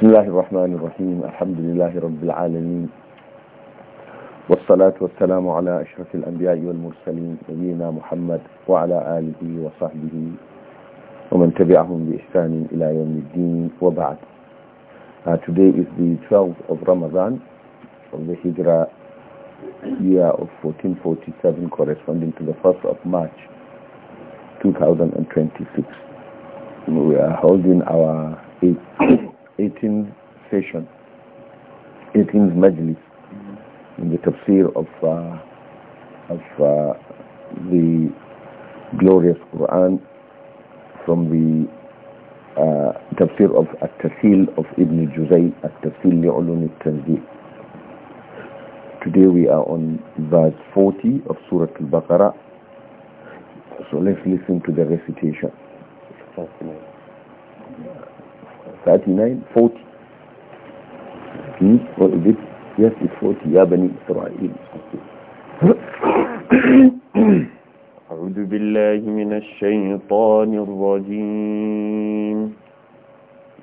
بسم الله الرحمن الرحيم الحمد لله رب العالمين والصلاة والسلام على أشرف الأنبياء والمرسلين نبينا محمد وعلى آله وصحبه ومن تبعهم بإحسان إلى يوم الدين وبعد uh, Today is the 12th of Ramadan of the Hijra year of 1447 corresponding to the 1st of March 2026 We are holding our 8th 18th session, 18th Majlis, in the tafsir of, uh, of uh, the glorious Quran from the uh, tafsir of at tafsir of Ibn Juzay, At-Tafsil Li'ulun Al-Tanzil. Today we are on verse 40 of Surah Al-Baqarah. So let's listen to the recitation. 39 40 hmm? 40 يا بني إسرائيل أعوذ بالله من الشيطان الرجيم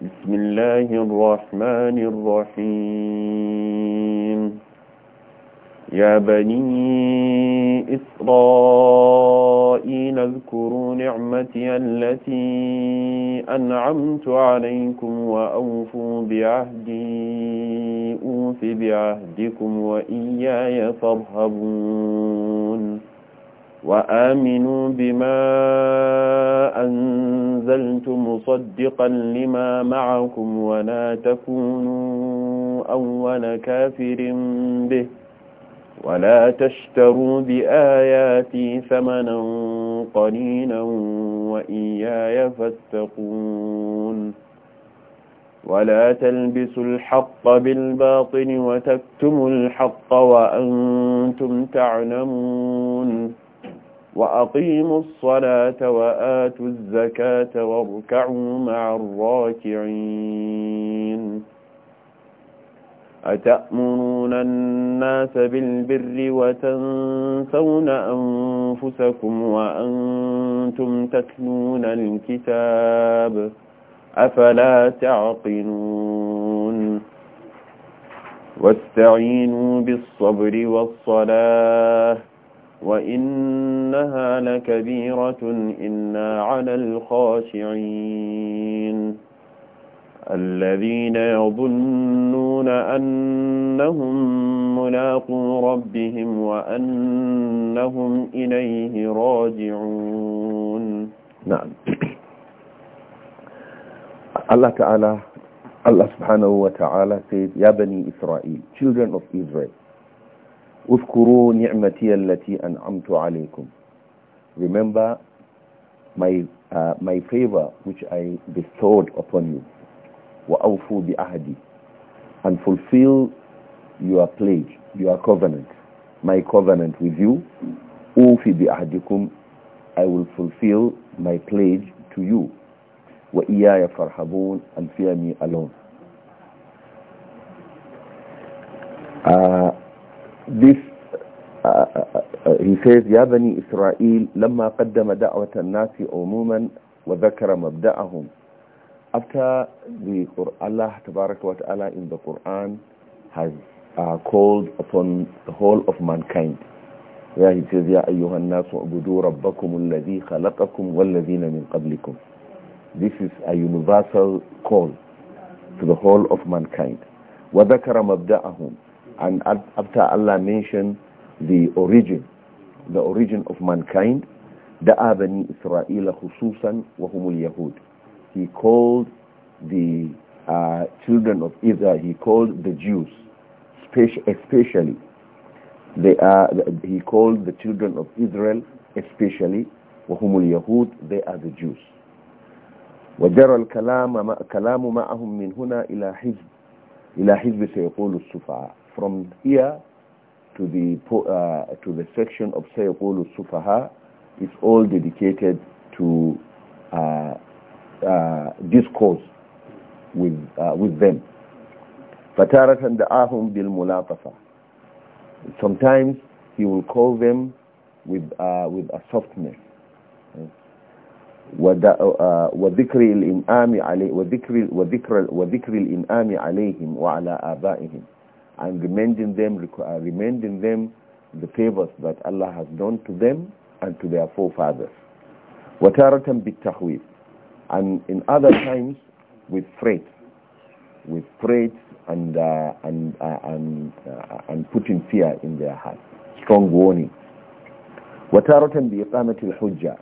بسم الله الرحمن الرحيم يا بني إسرائيل اذكروا نعمتي التي أنعمت عليكم وأوفوا بعهدي أوف بعهدكم وإياي فارهبون وآمنوا بما أنزلت مصدقا لما معكم ولا تكونوا أول كافر به ولا تشتروا بآياتي ثمنا قليلا وإياي فاتقون ولا تلبسوا الحق بالباطل وتكتموا الحق وأنتم تعلمون وأقيموا الصلاة وآتوا الزكاة واركعوا مع الراكعين أتأمرون الناس بالبر وتنسون أنفسكم وأنتم تتلون الكتاب أفلا تعقلون واستعينوا بالصبر والصلاة وإنها لكبيرة إنا على الخاشعين الذين يظنون أنهم ملاقوا ربهم وأنهم إليه راجعون نعم الله تعالى الله سبحانه وتعالى سيد يا بني إسرائيل children of Israel اذكروا نعمتي التي أنعمت عليكم remember my, uh, my favor which I bestowed upon you وَأَوْفُوا بِأَهْدِي And fulfill your pledge, your covenant, my covenant with you. أُوفِ بِأَهْدِكُمْ I will fulfill my pledge to you. وَإِيَّايَ فَارْحَبُونَ And fear me alone. Uh, this uh, uh, uh, he says يا بني إسرائيل لما قدم دعوة الناس عموما وذكر مبدأهم after the Allah Tabarak wa Ta'ala in the Quran has uh, called upon the whole of mankind where he says ya ayyuhan nasu abudu rabbakum alladhi khalaqakum walladhina min qablikum this is a universal call to the whole of mankind wa dhakara mabda'ahum and after Allah mentioned the origin the origin of mankind da'a bani isra'ila khususan wa humul yahud he called the uh, children of Israel, he called the Jews, especially. They are, he called the children of Israel, especially, وهم اليهود, they are the Jews. وجرى الكلام كلام معهم من هنا إلى حزب إلى حزب سيقول السفهاء from here to the uh, to the section of سيقول السفهاء is all dedicated to uh, uh, discourse with, uh, with them. فَتَارَةً دَعَاهُمْ بِالْمُلَاطَفَةِ Sometimes he will call them with, uh, with a softness. وذكر الإنعام عليه وذكر وذكر وذكر الإنعام عليهم وعلى آبائهم and reminding them uh, reminding them the favors that Allah has done to them and to their forefathers وتارة بالتخويف and in other times with freight, with freight and uh, and uh, and uh, and putting fear in their heart. Strong warning. وَتَارَةً بِإِقَامَةِ الْحُجَّةِ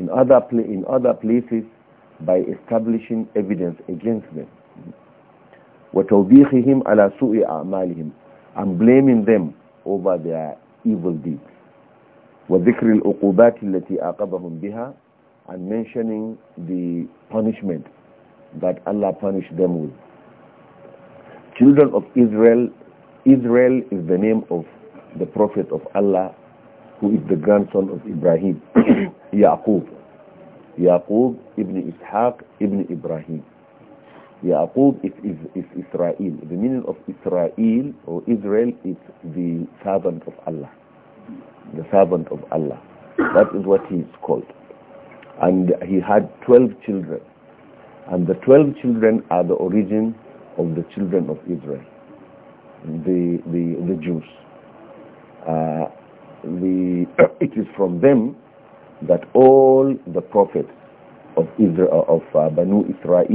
In other in other places by establishing evidence against them. وَتَوْبِيخِهِمْ عَلَى سُوءِ أَعْمَالِهِمْ And blaming them over their evil deeds. وَذِكْرِ الْعُقُوبَاتِ الَّتِي أَعْقَبَهُمْ بِهَا and mentioning the punishment that Allah punished them with. Children of Israel, Israel is the name of the Prophet of Allah who is the grandson of Ibrahim, Yaqub. Yaqub ibn Ishaq ibn Ibrahim. Yaqub is, is, is Israel. The meaning of Israel or Israel is the servant of Allah. The servant of Allah. That is what he is called and he had 12 children and the 12 children are the origin of the children of Israel the the, the Jews uh, the it is from them that all the prophets of Israel uh, of uh, Banu Israel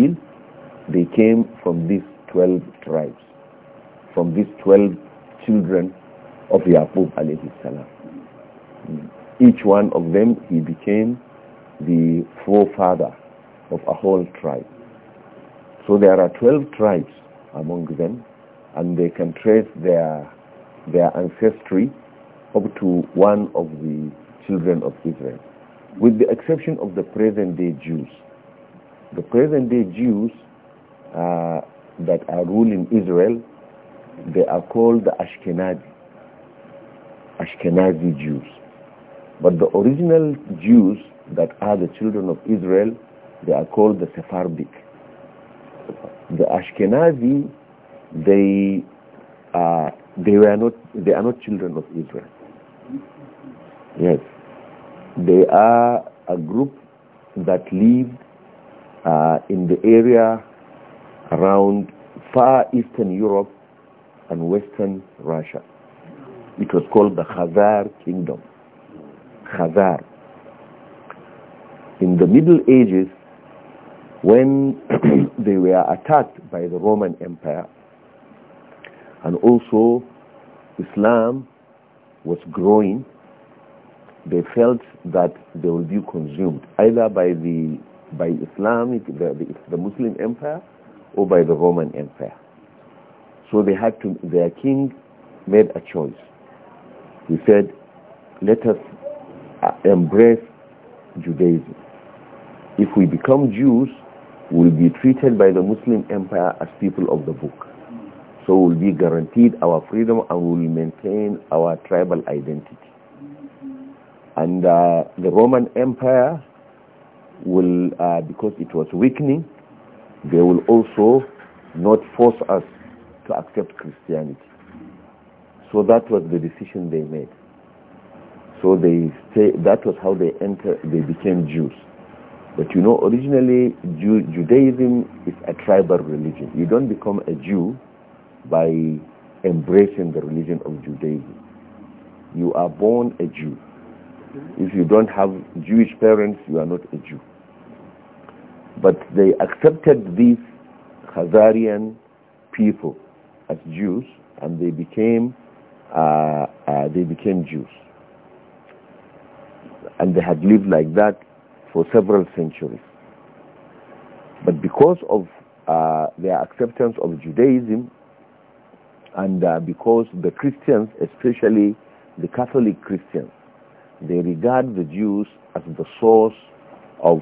they came from these 12 tribes from these 12 children of Yaqub alayhi salam mm. each one of them he became the forefather of a whole tribe. So there are 12 tribes among them, and they can trace their, their ancestry up to one of the children of Israel, with the exception of the present-day Jews. The present-day Jews uh, that are ruling Israel, they are called the Ashkenazi, Ashkenazi Jews. But the original Jews that are the children of Israel, they are called the Sephardic. The Ashkenazi, they, uh, they, were not, they are not children of Israel. Yes. They are a group that lived uh, in the area around far eastern Europe and western Russia. It was called the Khazar Kingdom. Khazar in the Middle Ages, when they were attacked by the Roman Empire, and also Islam was growing, they felt that they will be consumed either by the by Islamic the, the, the Muslim Empire or by the Roman Empire. So they had to their king made a choice. He said, "Let us uh, embrace Judaism." if we become Jews, we'll be treated by the Muslim empire as people of the book. So we'll be guaranteed our freedom and we'll maintain our tribal identity. And uh, the Roman Empire will, uh, because it was weakening, they will also not force us to accept Christianity. So that was the decision they made. So they stay, that was how they enter. They became Jews. But you know, originally Jew, Judaism is a tribal religion. You don't become a Jew by embracing the religion of Judaism. You are born a Jew. If you don't have Jewish parents, you are not a Jew. But they accepted these Khazarian people as Jews, and they became uh, uh, they became Jews, and they had lived like that for several centuries. But because of uh, their acceptance of Judaism and uh, because the Christians, especially the Catholic Christians, they regard the Jews as the source of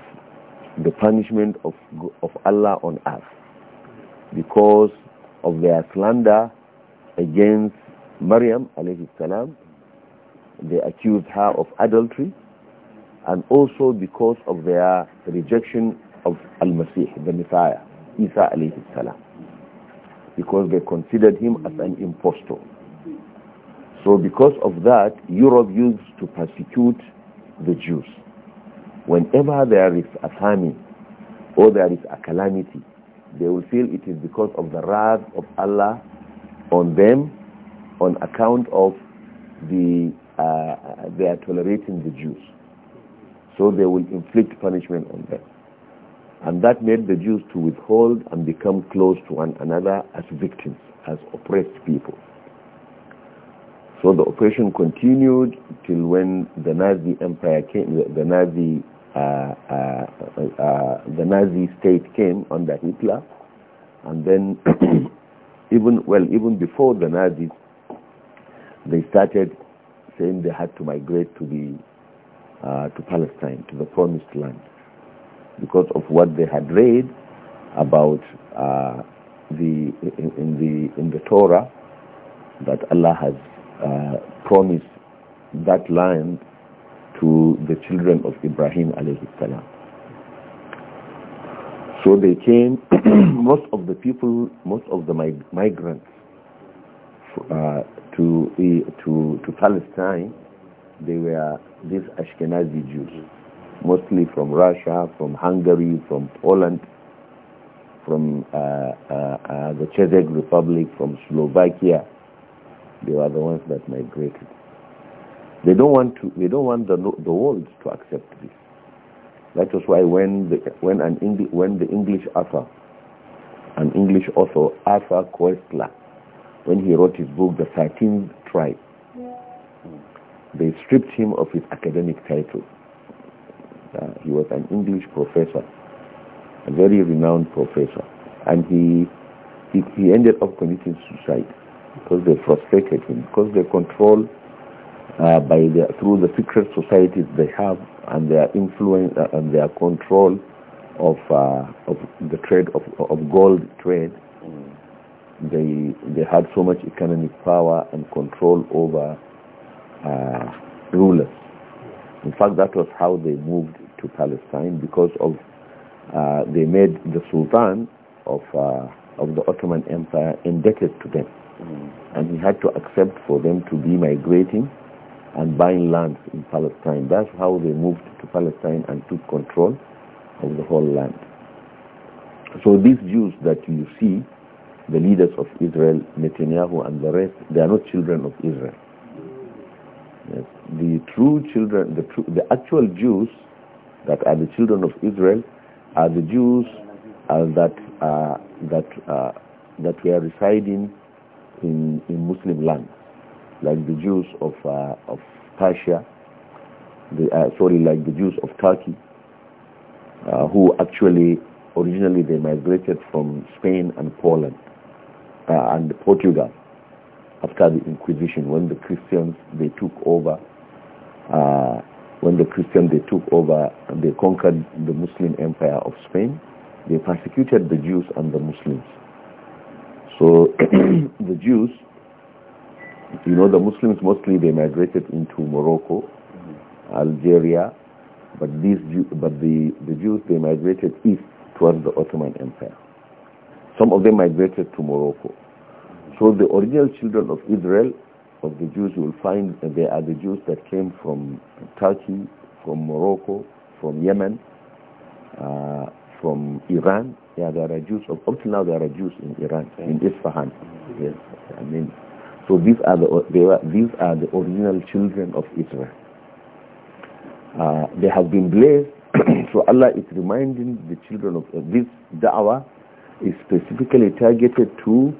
the punishment of, of Allah on earth because of their slander against Maryam alayhi salam. They accused her of adultery and also because of their rejection of Al-Masih, the Messiah, Isa alayhi salam. Because they considered him as an impostor. So because of that, Europe used to persecute the Jews. Whenever there is a famine or there is a calamity, they will feel it is because of the wrath of Allah on them on account of the, uh, uh their tolerating the Jews. So they will inflict punishment on them. And that made the Jews to withhold and become close to one another as victims, as oppressed people. So the oppression continued till when the Nazi Empire came, the, the Nazi uh, uh, uh, the Nazi state came under Hitler, and then even well even before the Nazis, they started saying they had to migrate to the uh, to Palestine, to the promised land, because of what they had read about uh, the in, in, the in the Torah that Allah has uh, promised that land to the children of Ibrahim alayhi salam. So they came, most of the people, most of the migrants uh, to, to, to Palestine they were these Ashkenazi Jews, mostly from Russia, from Hungary, from Poland, from uh, uh, uh, the Czech Republic, from Slovakia. They were the ones that migrated. They don't want to. They don't want the the world to accept this. That was why when the when an English when the English author, an English author Arthur Koestler, when he wrote his book The Thirteenth Tribe, they stripped him of his academic title. Uh, he was an English professor, a very renowned professor, and he, he, he ended up committing suicide because they frustrated him, because they control uh, by the, through the secret societies they have and their influence uh, and their control of uh, of the trade of of gold trade. Mm. They they had so much economic power and control over uh, rulers. In fact, that was how they moved to Palestine because of uh, they made the Sultan of uh, of the Ottoman Empire indebted to them, mm. and he had to accept for them to be migrating and buying lands in Palestine. That's how they moved to Palestine and took control of the whole land. So these Jews that you see, the leaders of Israel, Netanyahu and the rest, they are not children of Israel. Yes. The true children, the, true, the actual Jews that are the children of Israel are the Jews uh, that uh, that uh, that are residing in in Muslim land, like the Jews of uh, of Persia, the, uh, sorry, like the Jews of Turkey, uh, who actually originally they migrated from Spain and Poland and Portugal after the Inquisition when the Christians they took over uh, when the Christians they took over they conquered the Muslim Empire of Spain they persecuted the Jews and the Muslims so the Jews you know the Muslims mostly they migrated into Morocco Algeria but these but the the Jews they migrated east towards the Ottoman Empire some of them migrated to Morocco so the original children of Israel, of the Jews, you will find uh, they are the Jews that came from Turkey, from Morocco, from Yemen, uh, from Iran. Yeah, there are Jews. Of, up till now, there are Jews in Iran, in Isfahan. Yes, I mean, so these are the were, these are the original children of Israel. Uh, they have been blessed. so Allah is reminding the children of uh, this da'wah is specifically targeted to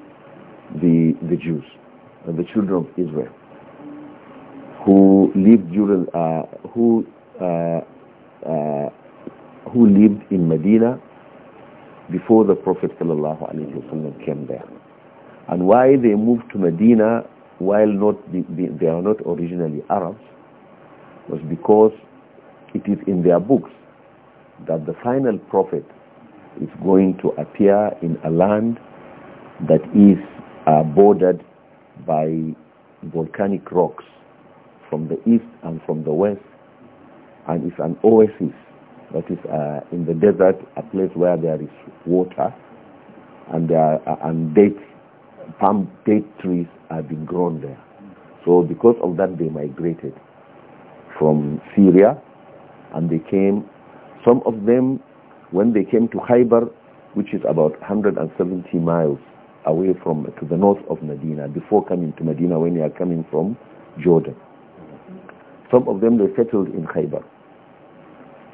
the, the Jews, the children of Israel, who lived during, uh, who, uh, uh, who lived in Medina before the Prophet ﷺ came there. And why they moved to Medina while not they are not originally Arabs was because it is in their books that the final prophet is going to appear in a land that is are bordered by volcanic rocks from the east and from the west and it's an oasis that is uh, in the desert a place where there is water and there are, uh, and date palm date trees have been grown there so because of that they migrated from Syria and they came some of them when they came to Khyber which is about 170 miles away from to the north of Medina before coming to Medina when they are coming from Jordan. Some of them they settled in Khaybar.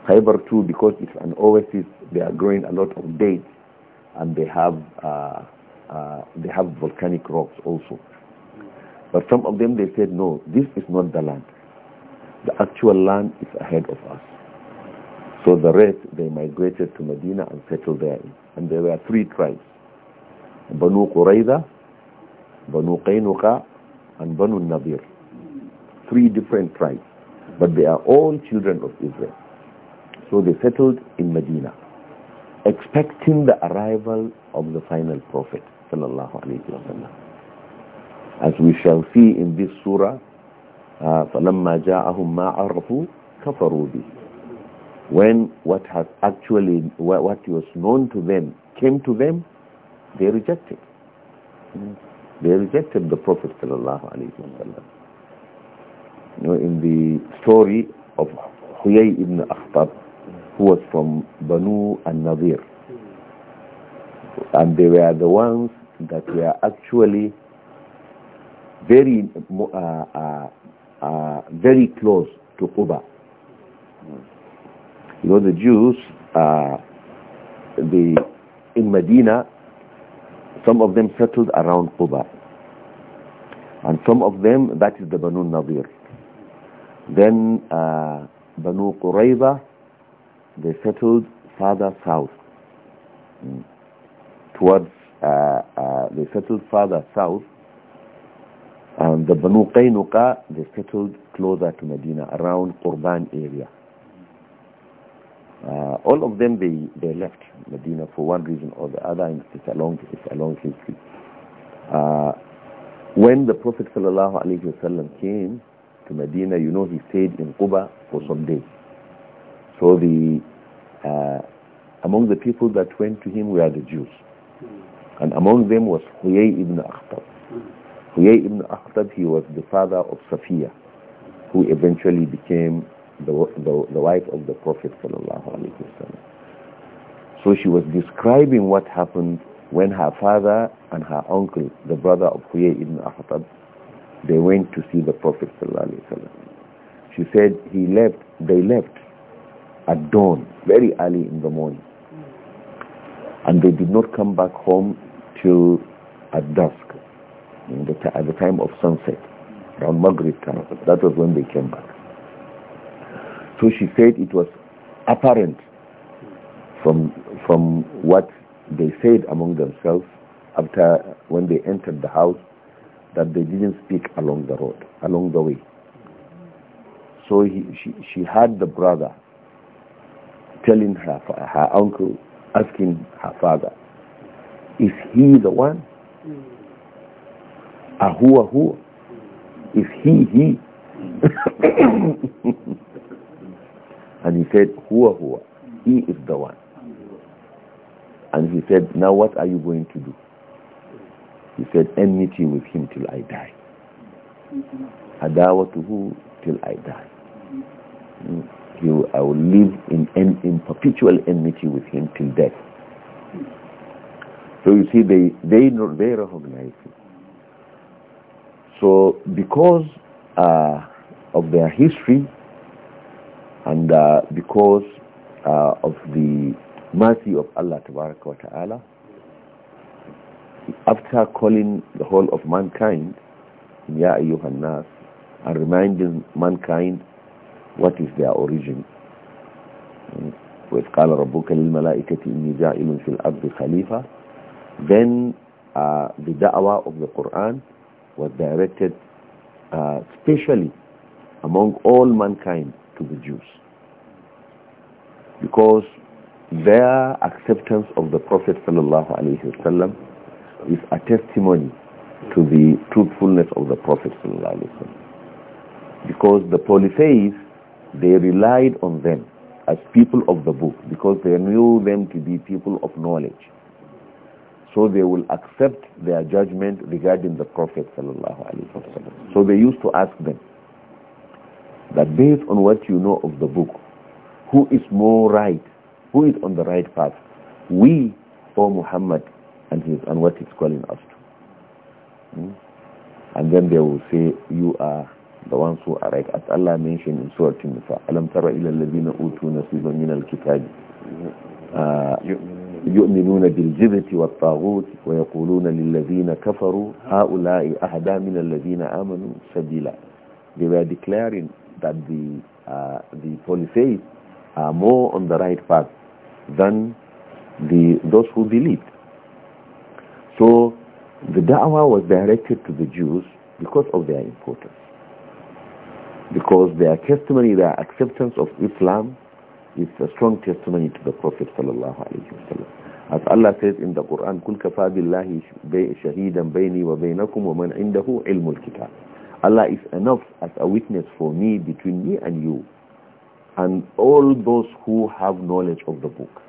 Khaybar too because it's an oasis they are growing a lot of dates and they have uh, uh, they have volcanic rocks also. But some of them they said no this is not the land. The actual land is ahead of us. So the rest they migrated to Medina and settled there and there were three tribes. Banu Qurayza, Banu Qaynuqa, and Banu Nadir. Three different tribes, but they are all children of Israel. So they settled in Medina, expecting the arrival of the final prophet, sallallahu As we shall see in this surah, uh, فَلَمَّا جَاءَهُمْ مَا عَرَفُوا كَفَرُوا بِهِ When what has actually, what was known to them came to them, they rejected. They rejected the Prophet sallallahu alaihi wasallam. You know, in the story of Huyay ibn Akhtab, who was from Banu and Nadir, and they were the ones that were actually very uh, uh, uh, very close to Quba. You know, the Jews, uh, the in Medina, some of them settled around Quba. And some of them, that is the Banu Nadir. Then uh, Banu Qurayza, they settled farther south. Hmm. Towards, uh, uh, they settled farther south. And the Banu Qaynuqa, they settled closer to Medina, around Qurban area. Uh, all of them they, they left Medina for one reason or the other and it's a long, it's a long history. Uh, when the Prophet sallallahu alaihi wasallam came to Medina, you know he stayed in Quba for some days. So the uh, among the people that went to him were the Jews, and among them was Huyay ibn Akhtab. Huyay ibn Akhtab he was the father of Safiya, who eventually became the, the, the wife of the Prophet So she was describing what happened when her father and her uncle, the brother of Huyay ibn Akhtab, they went to see the Prophet She said he left, they left at dawn, very early in the morning. And they did not come back home till at dusk, the at the time of sunset, around Maghrib time. That was when they came back. So she said it was apparent from, from what they said among themselves after when they entered the house that they didn't speak along the road, along the way. So he, she, she had the brother telling her, her uncle, asking her father, is he the one? Ahua who? Is he he? And he said, "Whoa, whoa! He is the one. And he said, Now what are you going to do? He said, Enmity with him till I die. Adawatuhu till I die. Hmm. He, I will live in, in, in perpetual enmity with him till death. So you see, they, they, they recognize it. So because uh, of their history, and uh, because uh, of the mercy of Allah wa ta'ala, after calling the whole of mankind, Ya Ayyuhan Nas, and reminding mankind what is their origin. with قال ربك للملائكة إني جائل في الأرض خليفة then uh, the da'wah of the Quran was directed uh, specially among all mankind to the Jews. Because their acceptance of the Prophet wasallam is a testimony to the truthfulness of the Prophet Because the polytheists, they relied on them as people of the book because they knew them to be people of knowledge. So they will accept their judgment regarding the Prophet So they used to ask them, that based on what you know of the book, who is more right, who is on the right path, we or Muhammad and, his, and what he's calling us to. Hmm? And then they will say, you are the ones who are right. As Allah mentioned in Surah Nisa, أَلَمْ تَرَ إِلَى الَّذِينَ أُوتُوا نَصِيبًا مِنَ الْكِتَابِ يؤمنون بالجبت والطاغوت ويقولون للذين كفروا هؤلاء أهدا من الذين آمنوا سبيلا They were declaring that the, uh, the polytheists are more on the right path than the, those who believed. So the da'wah was directed to the Jews because of their importance, because their testimony, their acceptance of Islam is a strong testimony to the Prophet sallallahu As Allah says in the Quran, كُلْ كَفَى بِاللَّهِ شَهِيدًا بَيْنِي وَبَيْنَكُمْ وَمَنْ عِنْدَهُ عِلْمُ الْكِتَابِ Allah is enough as a witness for me between me and you and all those who have knowledge of the book.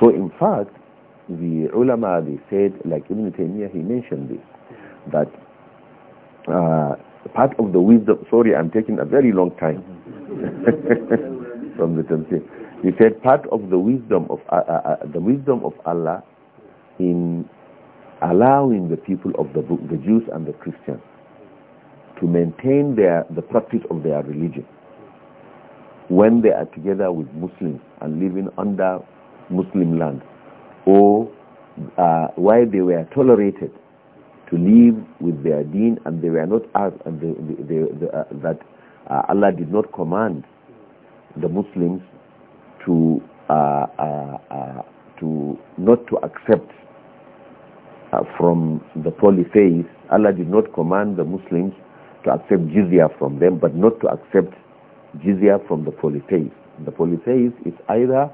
So in fact, the ulama, they said, like Ibn Taymiyyah, he mentioned this, that uh, part of the wisdom, sorry, I'm taking a very long time from the tafsir. He said part of the wisdom of, uh, uh, uh, the wisdom of Allah in allowing the people of the book, the Jews and the Christians, to maintain their, the practice of their religion when they are together with Muslims and living under Muslim land or uh, why they were tolerated to live with their deen and they were not asked and they, they, they, uh, that uh, Allah did not command the Muslims to uh, uh, uh, to not to accept from the polytheists Allah did not command the Muslims to accept jizya from them, but not to accept jizya from the polytheists. The polytheists is either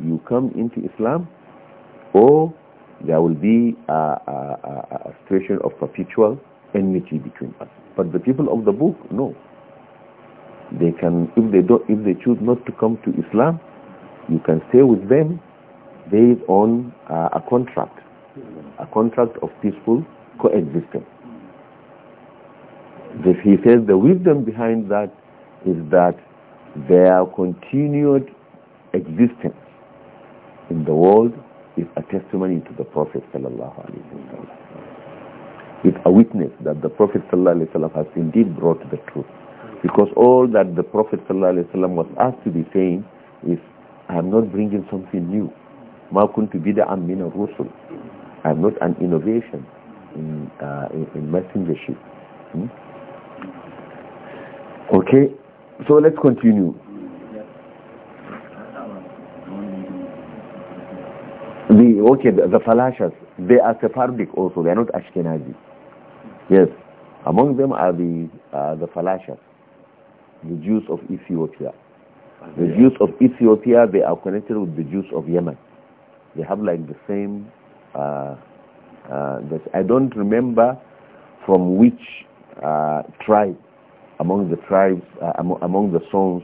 you come into Islam or there will be a, a, a situation of perpetual enmity between us. But the people of the book, no. They can, if they don't, if they choose not to come to Islam, you can stay with them based on uh, a contract, a contract of peaceful coexistence he says the wisdom behind that is that their continued existence in the world is a testimony to the Prophet sallallahu It's a witness that the Prophet sallallahu has indeed brought the truth. Because all that the Prophet sallallahu was asked to be saying is, I am not bringing something new. ما كنت بدعا al-rusul. I'm not an innovation in, uh, in messengership. Hmm? okay so let's continue the okay the, the falashas they are sephardic also they are not ashkenazi yes among them are the uh, the falashas the jews of ethiopia the jews of ethiopia they are connected with the jews of yemen they have like the same uh, uh, that i don't remember from which uh, tribe among the tribes, uh, among, among, the sons,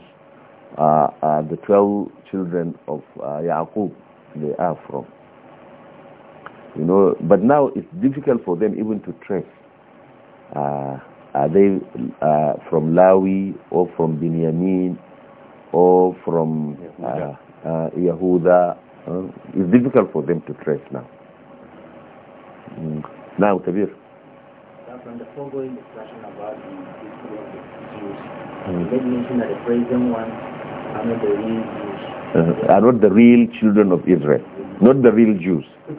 uh, uh, the 12 children of Yaqub they are from. You know, but now it's difficult for them even to trace. are they from Lawi or from Binyamin or from Yehuda? it's difficult for them to trace now. Mm. Now, Kabir from the foregoing discussion about the history of the Jews, mm. let me mention that the present ones are not the real Jews. Uh, are not the real children of Israel, not the real Jews. the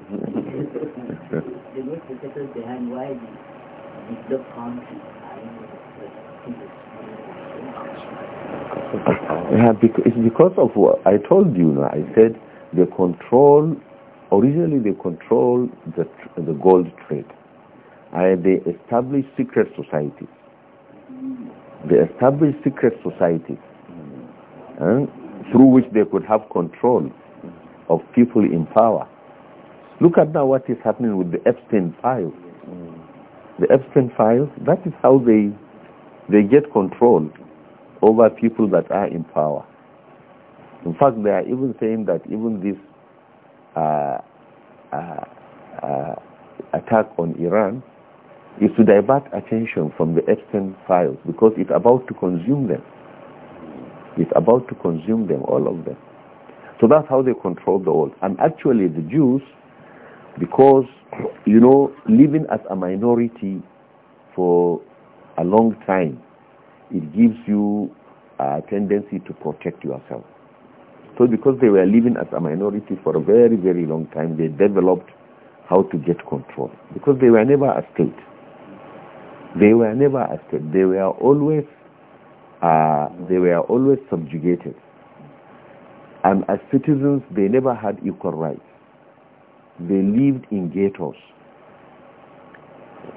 behind why the, country are in yeah, because, it's because of what I told you. Now. I said they control, originally they control the, the gold trade are they established secret societies. They established secret societies uh, through which they could have control of people in power. Look at now what is happening with the Epstein files. The Epstein files. that is how they, they get control over people that are in power. In fact, they are even saying that even this uh, uh, uh, attack on Iran is to divert attention from the Epstein files because it's about to consume them. It's about to consume them, all of them. So that's how they control the world. And actually the Jews, because, you know, living as a minority for a long time, it gives you a tendency to protect yourself. So because they were living as a minority for a very, very long time, they developed how to get control because they were never a state. They were never asked. They were always, uh, they were always subjugated. And as citizens, they never had equal rights. They lived in ghettos,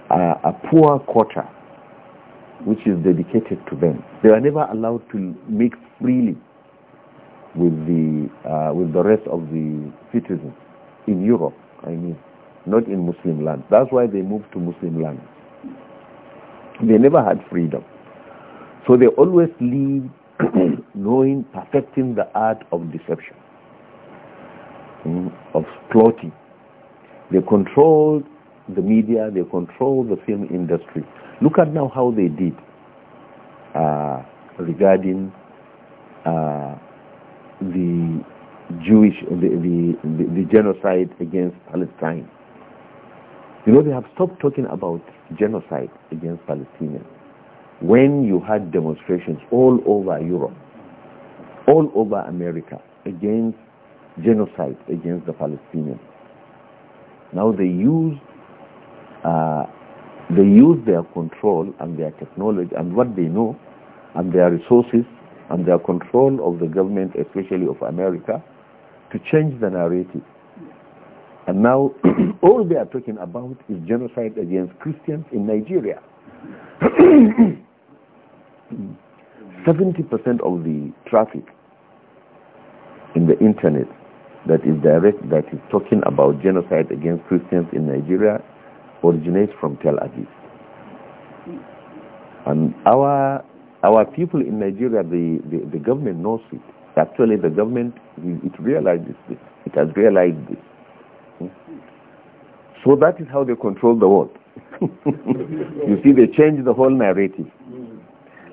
uh, a poor quarter, which is dedicated to them. They were never allowed to mix freely with the uh, with the rest of the citizens in Europe. I mean, not in Muslim land. That's why they moved to Muslim land. They never had freedom. So they always live knowing, perfecting the art of deception, mm, of plotting. They controlled the media, they controlled the film industry. Look at now how they did uh, regarding uh, the Jewish, the, the, the, the genocide against Palestine. You know, they have stopped talking about genocide against Palestinians, when you had demonstrations all over Europe, all over America against genocide against the Palestinians. Now they use uh, they use their control and their technology and what they know and their resources and their control of the government, especially of America, to change the narrative and now all they are talking about is genocide against Christians in Nigeria. 70% of the traffic in the internet that is direct, that is talking about genocide against Christians in Nigeria originates from Tel Aviv. And our, our people in Nigeria, the, the, the government knows it. Actually, the government, it, realizes this. It has realized this. So that is how they control the world. you see, they change the whole narrative.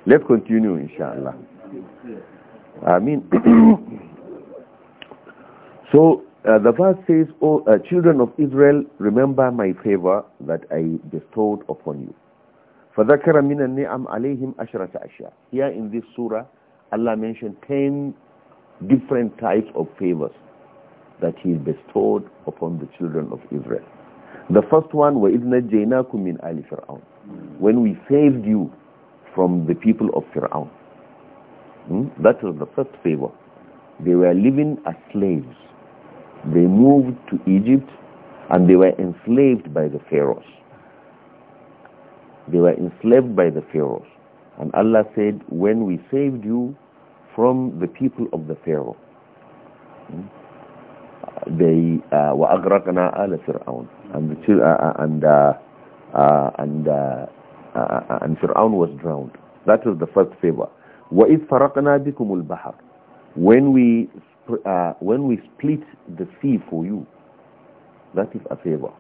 Let's continue, inshallah. I mean, so uh, the verse says, O oh, uh, children of Israel, remember my favor that I bestowed upon you. فَذَكَرَ مِنَ النِّعَمْ عَلَيْهِمْ أَشْرَةَ أَشْيَاء Here in this surah, Allah mentioned 10 different types of favors that He bestowed upon the children of Israel. The first one, was مِنْ آلِ فِرْعَوْنَ When we saved you from the people of Fir'aun. Hmm? That was the first favor. They were living as slaves. They moved to Egypt and they were enslaved by the pharaohs. They were enslaved by the pharaohs. And Allah said, when we saved you from the people of the pharaoh. Hmm? they wa aghraqna ala fir'aun and the children, uh, uh, and uh, uh, and uh, uh, uh, and fir'aun was drowned that was the first favor wa id faraqna bikum al-bahr when we uh, when we split the sea for you that is a favor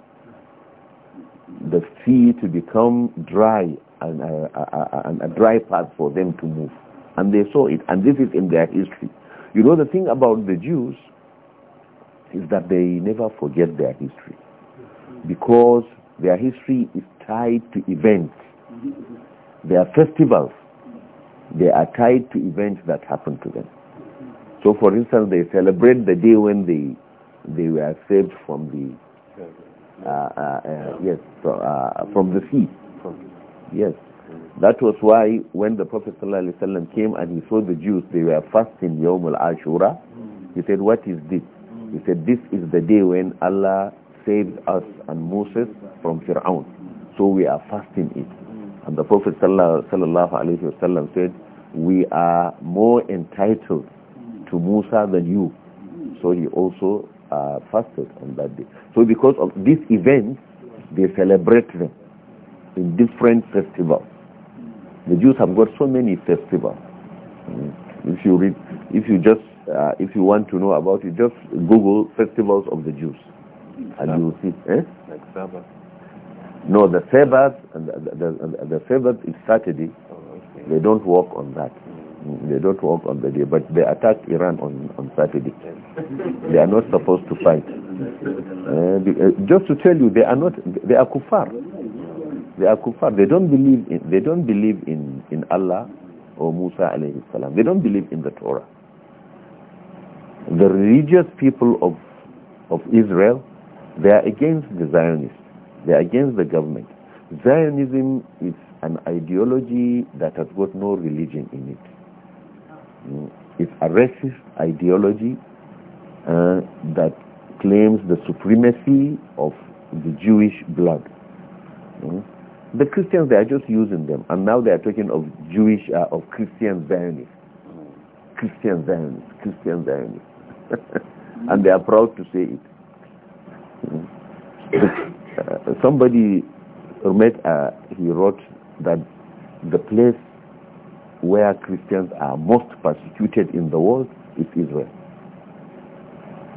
the sea to become dry and a, a, a, a dry path for them to move and they saw it and this is in their history you know the thing about the Jews is that they never forget their history because their history is tied to events. Their festivals, they are tied to events that happened to them. So for instance, they celebrate the day when they, they were saved from the uh, uh, uh, yes, uh, from the sea. Yes. That was why when the Prophet ﷺ came and he saw the Jews, they were fasting Yawm al-Ashura. He said, what is this? He said, this is the day when Allah saved us and Moses from Fir'aun. So we are fasting it. And the Prophet ﷺ said, we are more entitled to Musa than you. So he also uh, fasted on that day. So because of these events, they celebrate them in different festivals. The Jews have got so many festivals. Hmm. If you read, if you just uh, if you want to know about it, just Google festivals of the Jews. And you will see. Eh? Like Sabbath. No, the Sabbath, the, the, the Sabbath is Saturday. Oh, okay. They don't work on that. Mm. They don't work on the day, but they attack Iran on, on Saturday. they are not supposed to fight. Uh, just to tell you, they are not, they are kuffar. They are kuffar. They don't believe in, they don't believe in, in Allah or Musa alayhi salam. They don't believe in the Torah the religious people of, of Israel, they are against the Zionists. They are against the government. Zionism is an ideology that has got no religion in it. Mm. It's a racist ideology uh, that claims the supremacy of the Jewish blood. Mm? The Christians, they are just using them. And now they are talking of Jewish, uh, of Christian Zionists. Christian Zionists, Christian Zionists. and they are proud to say it. Uh, somebody met. he wrote that the place where Christians are most persecuted in the world is Israel.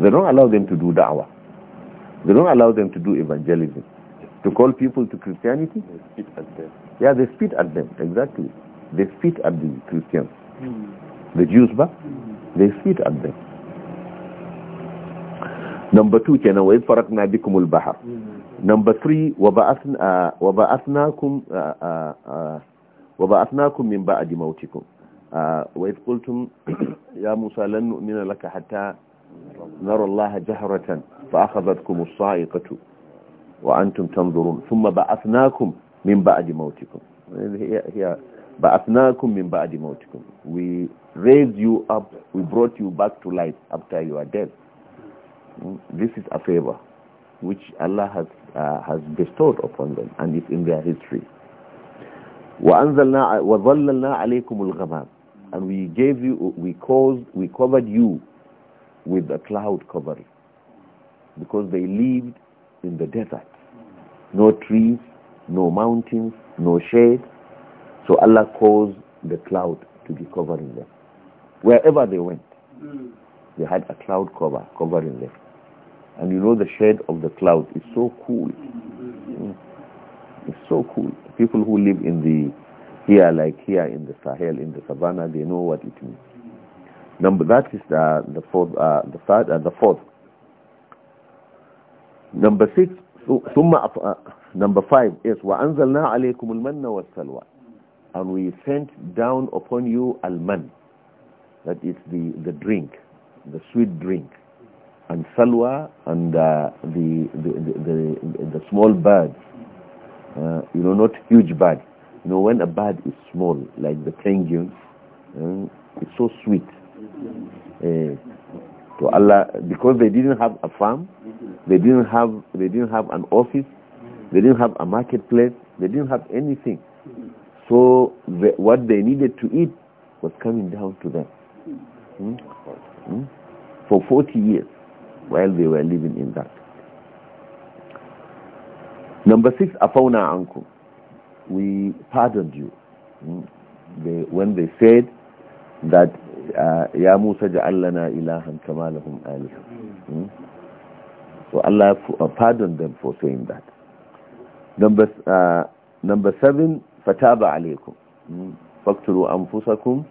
They don't allow them to do da'wah. They don't allow them to do evangelism. To call people to Christianity? They spit at them. Yeah, they spit at them, exactly. They spit at the Christians. Mm. The Jews, but mm. they spit at them. number 2 kenan wa idh faratna bikum al-bahr number 3 wa ba'athna wa ba'athnakum uh, uh, uh, wa ba'athnakum min ba'di mautikum wa idh qultum ya musa lan nu'mina laka hatta nara allaha jahratan fa akhadhatkum as-sa'iqatu wa antum tanzurun thumma ba'athnakum min ba'di mautikum here ba'athnakum min ba'di mautikum we raised you up we brought you back to life after you are dead this is a favor which Allah has, uh, has bestowed upon them and it's in their history. وَظَلَّلْنَا عَلَيْكُمُ الْغَمَامِ And we gave you, we caused, we covered you with a cloud covering because they lived in the desert. No trees, no mountains, no shade. So Allah caused the cloud to be covering them. Wherever they went, hmm. they had a cloud cover covering them. And you know the shade of the cloud is so cool. It's so cool. People who live in the here, like here in the Sahel, in the savannah, they know what it means. Number that is the the fourth, uh, the third, uh, the fourth. Number six, ثم uh, number five is وأنزلنا عليكم المن والسلوى, and we sent down upon you al-man, that is the the drink, the sweet drink and salwa and uh, the, the, the, the, small birds, uh, you know, not huge birds. You know, when a bird is small, like the penguin, uh, it's so sweet. Uh, to Allah, because they didn't have a farm, they didn't have, they didn't have an office, they didn't have a marketplace, they didn't have anything. So the, what they needed to eat was coming down to them. Hmm? Hmm? For 40 years while they were living in that. Number six, Afona Anku. We pardoned you. Hmm? They, when they said that, uh, Ya Musa ja'allana ilahan kama lahum alihum. Hmm? So Allah uh, pardoned them for saying that. Number, uh, number seven, Fataba alaykum. Hmm? Faktulu anfusakum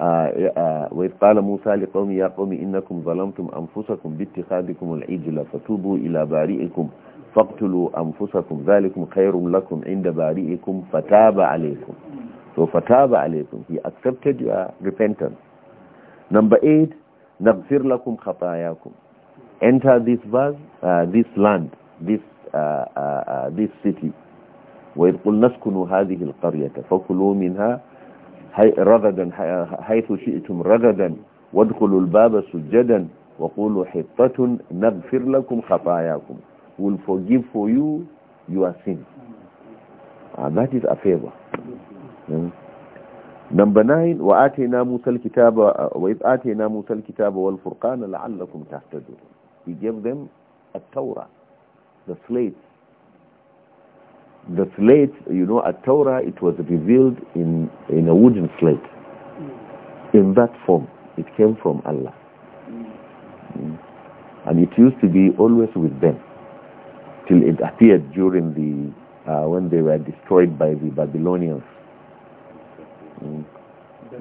آه، آه، وإذ قال موسى لقوم يا قوم إنكم ظلمتم أنفسكم باتخاذكم العجل فتوبوا إلى بارئكم فاقتلوا أنفسكم ذلكم خير لكم عند بارئكم فتاب عليكم So فتاب عليكم He accepted your repentance. Number eight, نغفر لكم خطاياكم. Enter this verse, uh, this land, this, uh, uh, uh, this city. وإذ قلنا اسكنوا هذه القرية فكلوا منها رغدا حيث شئتم رغدا وادخلوا الباب سجدا وقولوا حطة نغفر لكم خطاياكم will forgive for you your sin and ah, that is a favor mm. number nine وآتينا موسى الكتاب آه، وإذ آتينا موسى الكتاب والفرقان لعلكم تهتدون he gave them a Torah the slate the slate, you know, at Torah, it was revealed in, in a wooden slate. Mm. In that form, it came from Allah. Mm. And it used to be always with them, till it appeared during the, uh, when they were destroyed by the Babylonians. Mm.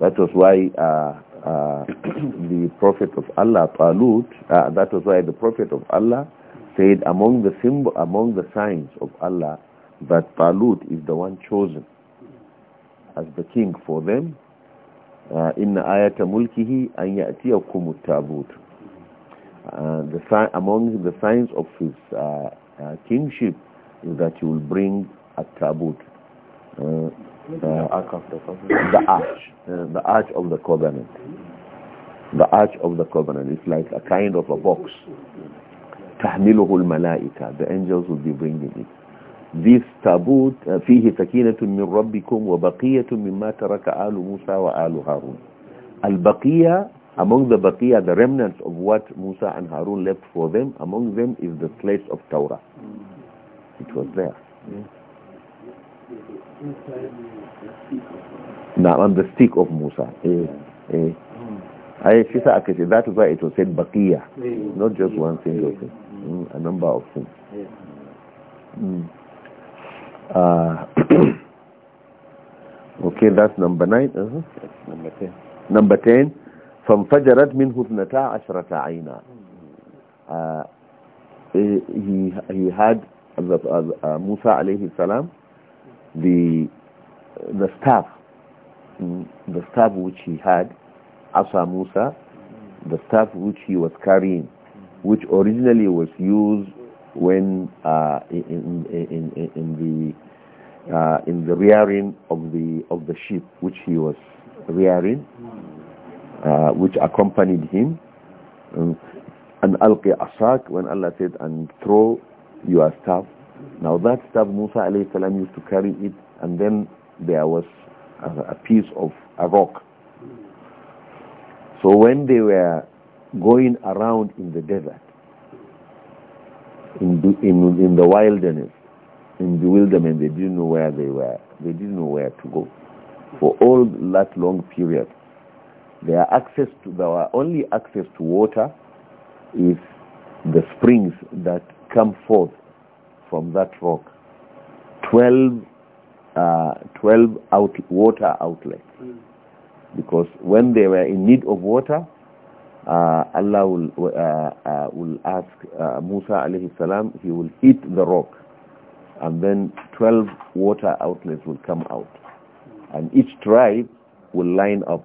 That was why uh, uh, the Prophet of Allah, Talut, uh, that was why the Prophet of Allah said among the symbol, among the signs of Allah that Balut is the one chosen as the king for them. Uh, the ayata mulkihi an ya'tiyakum at-tabut. Uh, the sign among the signs of his uh, uh, kingship is that he will bring a tabut, uh, uh the arch, uh, the arch of the covenant. The arch of the covenant is like a kind of a box. تحمله malaika, The angels will be bringing it this tabut uh, fihi sakinatun min rabbikum wa baqiyatun mimma taraka alu Musa wa alu Harun. Al-baqiya, among the baqiya, the remnants of what Musa and Harun left for them, among them is the place of Torah. It was there. Now on the stick of Musa. Eh, eh. I, she said, okay, that is why it was said baqiya, eh, not just eh, one single thing, mm, a number of things. Mm. Uh, okay that's number 9 uh -huh. that's number 10 number 10 From Fajarat اثنتا عشرة عينا uh, he, he had the, uh, uh, Musa alayhi salam the the staff mm, the staff which he had Asa Musa the staff which he was carrying which originally was used when uh, in, in, in, in, the uh, in the rearing of the of the sheep which he was rearing, uh, which accompanied him, um, and al asak when Allah said and throw your staff. Now that staff Musa alayhi salam used to carry it, and then there was a, a piece of a rock. So when they were going around in the desert, in, the, in, in the wilderness, in the wilderness, they didn't know where they were. They didn't know where to go. For all that long period, their access to their only access to water is the springs that come forth from that rock. Twelve, uh, 12 out, water outlets. Hmm. Because when they were in need of water, uh, Allah will, uh, uh, will ask Musa alayhi salam, he will eat the rock and then 12 water outlets will come out. And each tribe will line up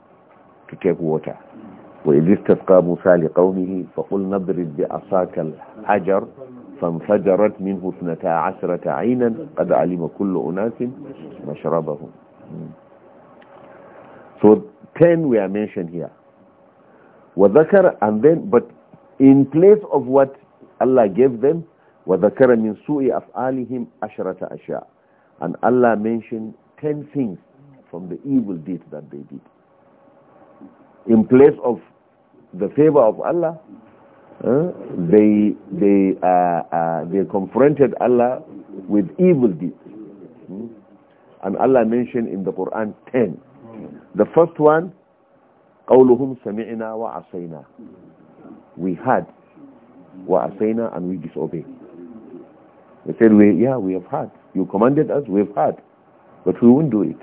to take water. وإذ استسقى موسى لقومه بعصاك الحجر فانفجرت منه اثنتا عشرة عينا قد علم كل أناس مشربهم. Hmm. So ten we are mentioned here. وذكر and then but in place of what Allah gave them وذكر من سوء أفعالهم عشرة أشياء and Allah mentioned ten things from the evil deeds that they did in place of the favor of Allah uh, they they uh, uh, they confronted Allah with evil deeds hmm? and Allah mentioned in the Quran ten the first one qawluhum sami'na wa asayna we heard wa asayna and we disobeyed they said we yeah we have heard you commanded us we have heard but we won't do it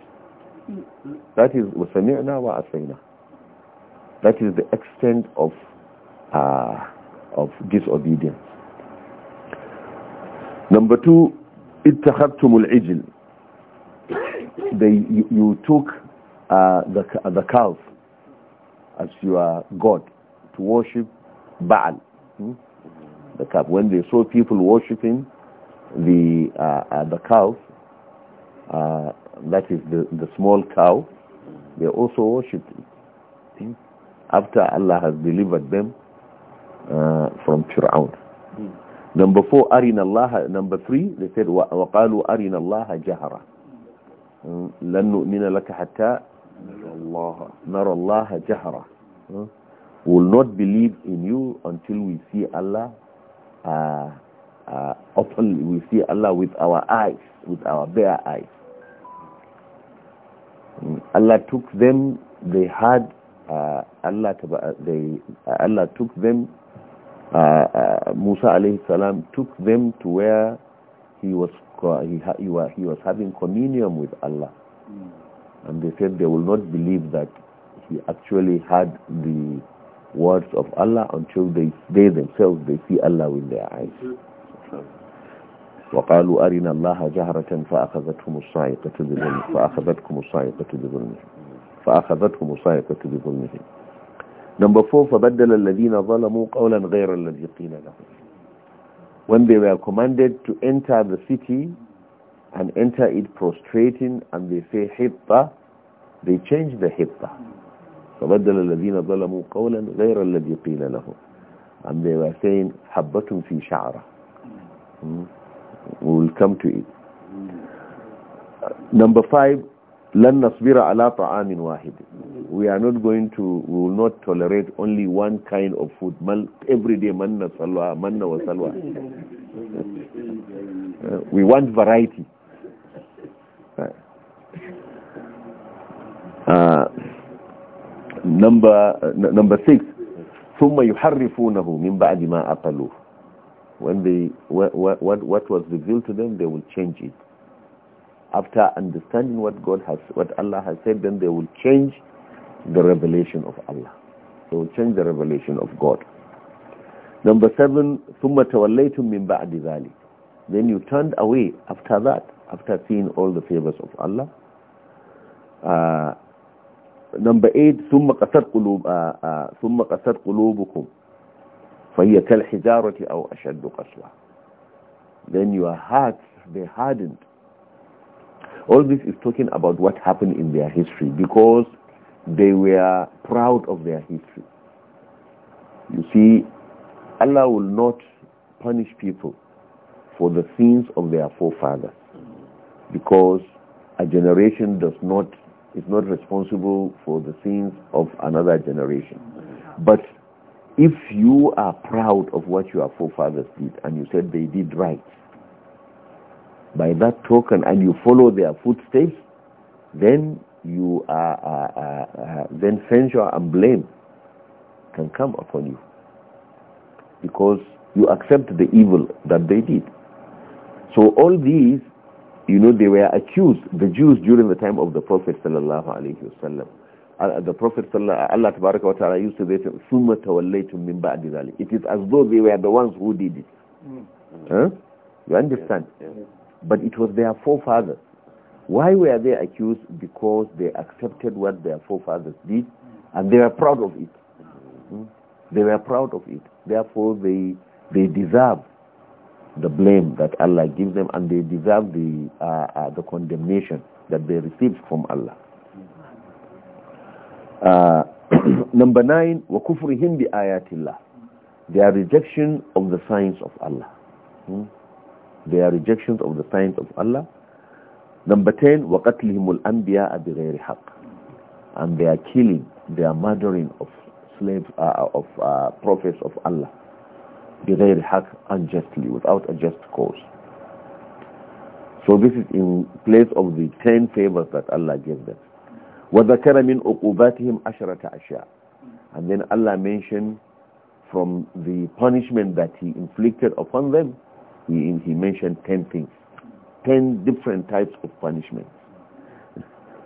that is wa wa that is the extent of uh, of disobedience number 2 ittakhadtumul ijl they you, you took uh, the the calf as your god to worship Baal, hmm? the calf. When they saw people worshiping the uh, uh, the calf, uh, that is the the small cow, they also worshipped him Hmm? After Allah has delivered them uh, from Fir'aun. Hmm. Number four, أرنا الله. Number three, they said وقالوا أرنا الله جهرة. لن نؤمن لك حتى Nara Allah jahra. Hmm? Will not believe in you until we see Allah uh, uh, openly. We see Allah with our eyes, with our bare eyes. Hmm. Allah took them, they had, uh, Allah, uh, they, uh, Allah took them, uh, uh, Musa alayhi salam took them to where he was, he, he was having communion with Allah and they said they will not believe that he actually had the words of Allah until they, they themselves they see Allah with their eyes. وقالوا أرنا الله جهرة فأخذتهم الصاعقة فأخذتكم الصاعقة فأخذتهم الصاعقة Number four, فبدل الذين ظلموا قولا غير الذي قيل لهم When they were commanded to enter the city, and enter it prostrating and they say hitta they change the hitta فبدل الذين ظلموا قولا غير الذي قيل لهم and they were saying حبة في شعرة hmm? we will come to it number five لن نصبر على طعام واحد we are not going to we will not tolerate only one kind of food every day manna salwa manna wa we want variety number uh, number six ثم يحرفونه من بعد ما أقلوه when they what, what what was revealed to them they will change it after understanding what God has what Allah has said then they will change the revelation of Allah they will change the revelation of God number seven Thumma توليتم mimba بعد then you turned away after that after seeing all the favors of Allah uh, number 8 thumma qasat uh, uh, then your hearts they hardened all this is talking about what happened in their history because they were proud of their history you see Allah will not punish people for the sins of their forefathers because a generation does not is not responsible for the sins of another generation. But if you are proud of what your forefathers did and you said they did right, by that token and you follow their footsteps, then you are, uh, uh, uh, then censure and blame can come upon you because you accept the evil that they did. So all these you know, they were accused, the Jews during the time of the Prophet sallallahu alaihi wasallam. Uh, the Prophet sallallahu Allah tabaraka wa ta'ala used to say, ثُمَّ تَوَلَّيْتُم مِّن It is as though they were the ones who did it. Mm. Huh? You understand? Yes. Yes. But it was their forefathers. Why were they accused? Because they accepted what their forefathers did and they were proud of it. Hmm? They were proud of it. Therefore, they, they deserve the blame that Allah gives them and they deserve the, uh, uh, the condemnation that they receive from Allah. Uh, number nine, وَكُفْرِهِمْ بِآيَاتِ اللَّهِ Their rejection of the signs of Allah. Hmm? Their rejection of the signs of Allah. Number ten, وَقَتْلِهِمُ الْأَنْبِيَاءَ بِغَيْرِ حَقٍّ And they are killing, they are murdering of slaves, uh, of uh, prophets of Allah بغير حق unjustly without a just cause so this is in place of the ten favors that Allah gave them وذكر من عقوباتهم عشرة أشياء and then Allah mentioned from the punishment that he inflicted upon them he, he mentioned ten things ten different types of punishment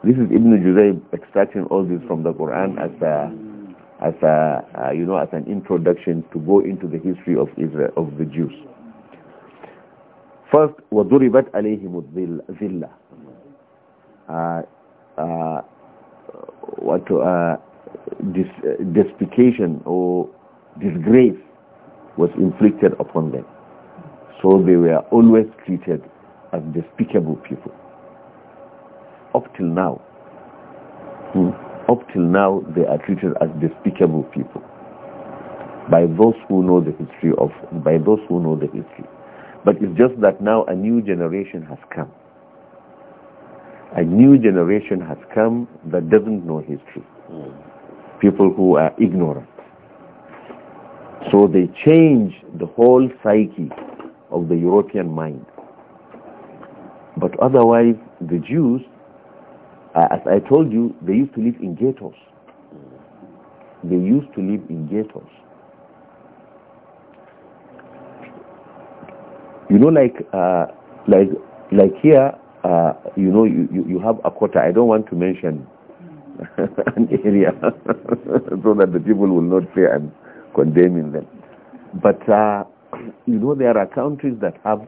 this is Ibn Juzayb extracting all this from the Quran as a as a uh, you know as an introduction to go into the history of Israel of the Jews. First, وَضُرِبَتْ عَلَيْهِمُ الذِّلَّةِ uh, uh, what uh, dis despication or disgrace was inflicted upon them. So they were always treated as despicable people. Up till now. Hmm up till now they are treated as despicable people by those who know the history of by those who know the history but it's just that now a new generation has come a new generation has come that doesn't know history people who are ignorant so they change the whole psyche of the European mind but otherwise the Jews as I told you, they used to live in ghettos. They used to live in ghettos. You know, like uh, like like here, uh, you know, you, you, you have a quota. I don't want to mention an area so that the people will not say I'm condemning them. But uh, you know, there are countries that have,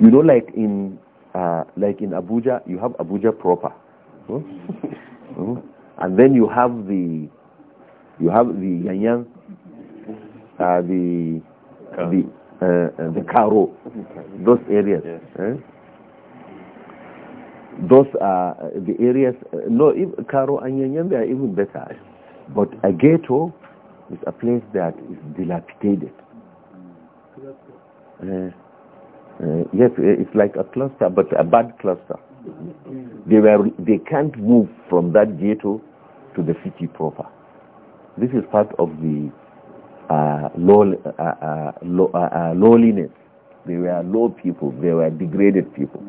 you know, like in uh, like in Abuja, you have Abuja proper. Hmm? hmm? And then you have the you have the Yanyan, uh, the the uh, uh, the Karo, those areas. Yes. Eh? Those are uh, the areas. No, if Karo and Yanyan they are even better. But a ghetto is a place that is dilapidated. Uh, uh, yes, uh, it's like a cluster, but a bad cluster. They, were, they can't move from that ghetto to the city proper. This is part of the uh, low, uh, uh low, uh, lowliness. They were low people. They were degraded people.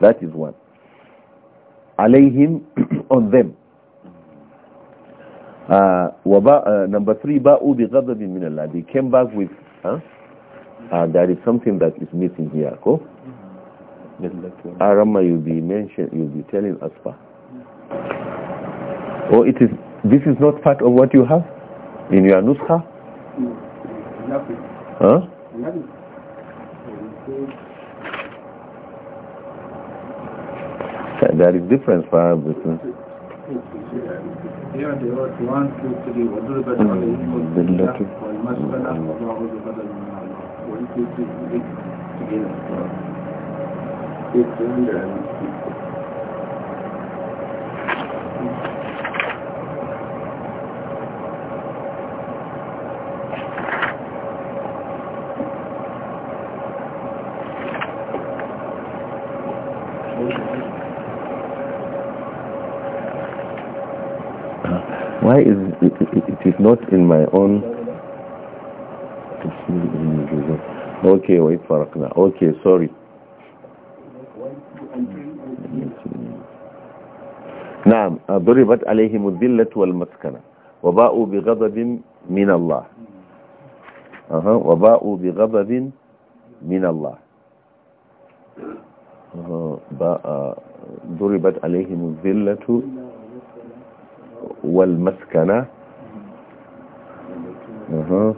That is one. Alayhim on them. number three, بَأُوا بِغَضَبٍ مِنَ اللَّهِ They came back with... Huh? uh, there is something that is missing here Go. arama you'll be mentioned you'll be telling us far oh it is this is not part of what you have in your nuskha huh there is difference far between بالله why is it, it, it is not in my own اوكي وين فرقنا اوكي سوري نعم ضربت عليهم الذلة والمسكنة وباءوا بغضب من الله أها وباءوا بغضب من الله أها ضربت عليهم الذلة والمسكنة أها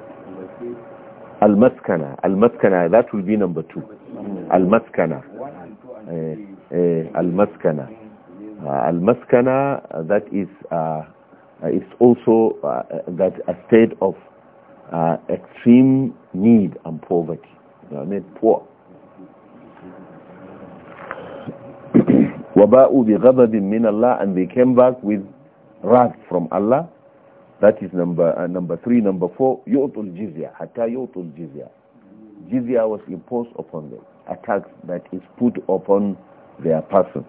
al-maskana al-maskana that will be number two al-maskana eh, eh, al-maskana uh, al-maskana uh, that is uh, uh it's also uh, that a state of uh, extreme need and poverty you know, made poor وباءوا بغضب من Allah and they came back with wrath from Allah that is number uh, number three. Number four, Yotul jizya. Hatta yotul jizya. Jizya was imposed upon them. A tax that is put upon their persons.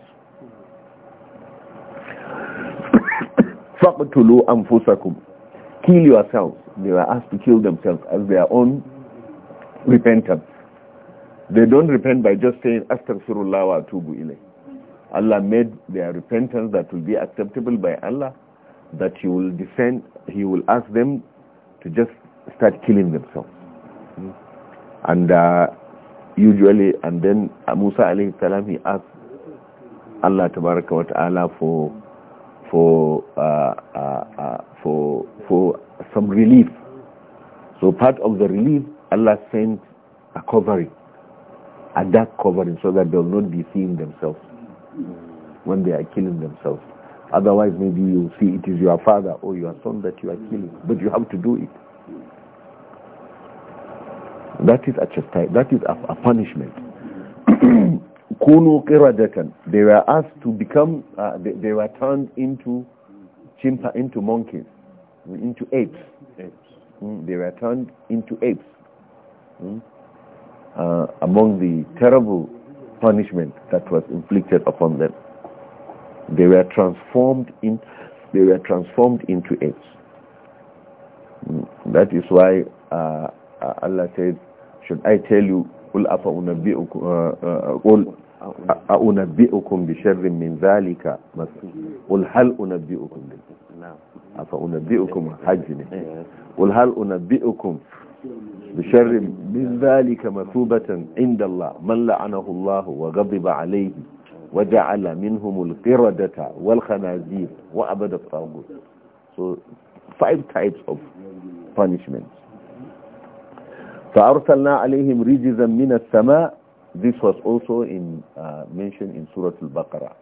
Faqtulu anfusakum. Kill yourselves. They were asked to kill themselves as their own repentance. They don't repent by just saying, Astaghfirullah wa atubu ilayh. Allah made their repentance that will be acceptable by Allah that he will defend, he will ask them to just start killing themselves. Mm. And uh, usually, and then Musa alayhi salam, he asked Allah tabaraka wa ta'ala for, for, uh, uh, uh, for, for some relief. So part of the relief, Allah sent a covering, a dark covering, so that they will not be seeing themselves when they are killing themselves. Otherwise, maybe you see it is your father or your son that you are killing, but you have to do it. That is a chastisement. That is a, a punishment. They were asked to become. Uh, they, they, were turned into chimpa, into monkeys, into apes. apes. Mm, they were turned into apes. Mm? Uh, among the terrible punishment that was inflicted upon them. They were transformed in they were transformed into apes. That is why uh, uh Allah said, "Should I tell you, qul afa unabbi'ukum uh, uh, qul أُنَبِّئُكُمْ بِشَرٍ مِّنْ ذَلِكَ قُلْ هَلْ أُنَبِّئُكُمْ أَفَ أُنَبِّئُكُمْ حَجِّنِ قُلْ هَلْ أُنَبِّئُكُمْ بِشَرٍ مِّنْ ذَلِكَ مثوبة عند الله من لعنه الله وغضب عليه وجعل منهم القردة والخنازير وأبد الطاغوت so five types of punishments فأرسلنا عليهم رجزا من السماء this was also in uh, mentioned in Surah Al-Baqarah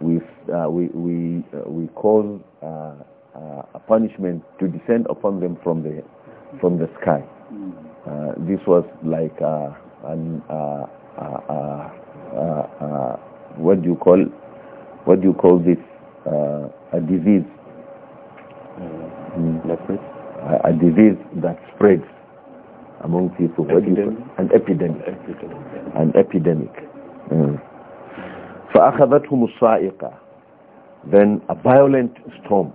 we uh, we we uh, we cause uh, uh, a punishment to descend upon them from the from the sky uh, this was like an what do you call what do you call this uh, a disease mm. a, a, disease that spreads among people what do you call? an epidemic an epidemic mm. فأخذتهم then a violent storm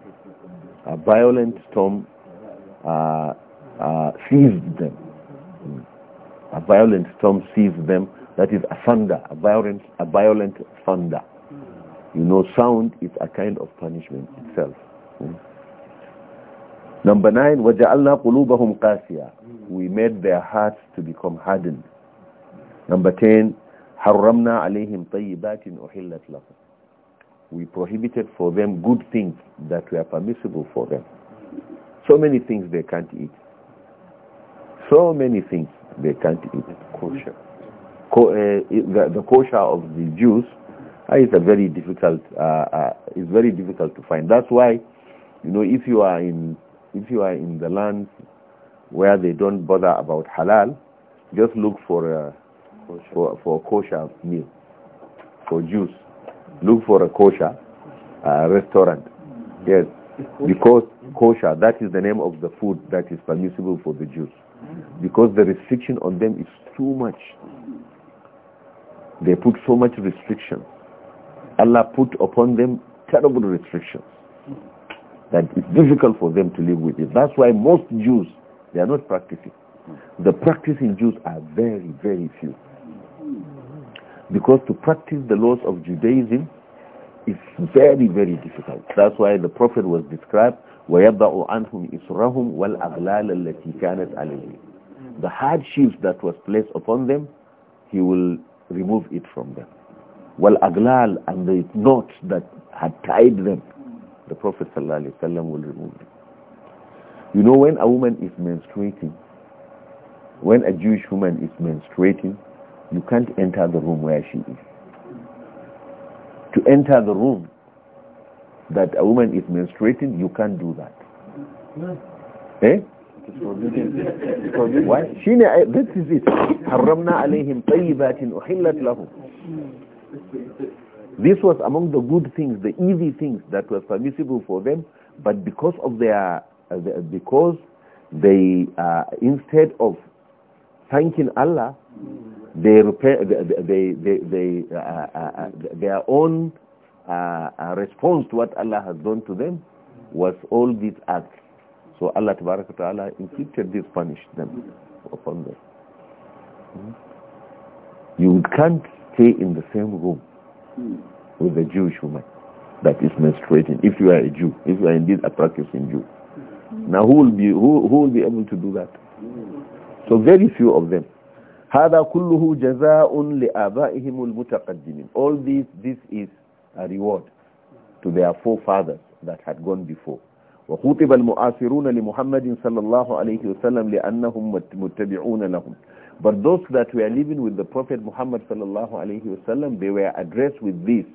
a violent storm uh, uh, seized them mm. a violent storm seized them that is a thunder, a violent, a violent thunder. Hmm. You know, sound is a kind of punishment itself. Mm. Number nine, وَجَعَلْنَا قُلُوبَهُمْ قَاسِيَةً We made their hearts to become hardened. Number ten, حَرَّمْنَا عَلَيْهِمْ طَيِّبَاتٍ أُحِلَّتْ لَهُمْ We prohibited for them good things that were permissible for them. So many things they can't eat. So many things they can't eat. Kosher. Uh, the kosher of the Jews uh, is a very difficult uh, uh, is very difficult to find. That's why you know if you are in if you are in the lands where they don't bother about halal, just look for a, for for a kosher meal for Jews. Look for a kosher uh, restaurant. Yes, because kosher that is the name of the food that is permissible for the Jews. Because the restriction on them is too much. They put so much restriction. Allah put upon them terrible restrictions that it's difficult for them to live with it. That's why most Jews, they are not practicing. The practicing Jews are very, very few. Because to practice the laws of Judaism is very, very difficult. That's why the Prophet was described, وَيَضَعُ عَنْهُمْ إِسْرَهُمْ وَالْأَغْلَالَ الَّتِي كَانَتْ عَلَيْهِمْ The hardships that was placed upon them, he will remove it from them. Well, aglal and the knots that had tied them, the Prophet ﷺ will remove them. You know when a woman is menstruating, when a Jewish woman is menstruating, you can't enter the room where she is. To enter the room that a woman is menstruating, you can't do that. Eh? why shine this is it haramna alaihim tayyibatin uhillat lahum this was among the good things the easy things that was permissible for them but because of their uh, because they uh, instead of thanking Allah they repair they they they, uh, uh, uh, their own uh, response to what Allah has done to them was all these acts so Allah Ta'ala inflicted this punishment upon them. Hmm? You can't stay in the same room with a Jewish woman that is menstruating if you are a Jew, if you are indeed a practicing Jew. Now who will be who, who will be able to do that? So very few of them. هذا كله جزاء لآبائهم المتقدمين. All this this is a reward to their forefathers that had gone before. وخطب المؤثرون لمحمد صلى الله عليه وسلم لأنهم متبعون لهم but those that were living with the Prophet Muhammad صلى الله عليه وسلم they were addressed with this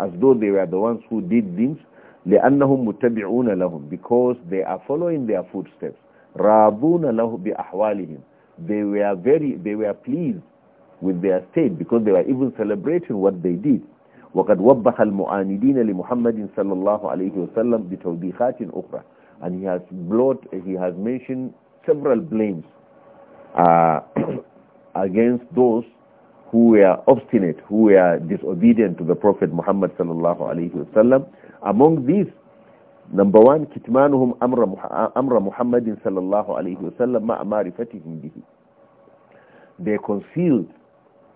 as though they were the ones who did things لأنهم متبعون لهم because they are following their footsteps له بأحوالهم they were very they were pleased with their state because they were even celebrating what they did وقد وبخ المعاندين لمحمد صلى الله عليه وسلم بتوبيخات أخرى and he has blot, he has mentioned several blames uh, against those who were obstinate, who were disobedient to the Prophet Muhammad صلى الله عليه وسلم Among these, number one, كتمانهم kitmanuhum محمد صلى الله عليه وسلم ma'a فتهم به They concealed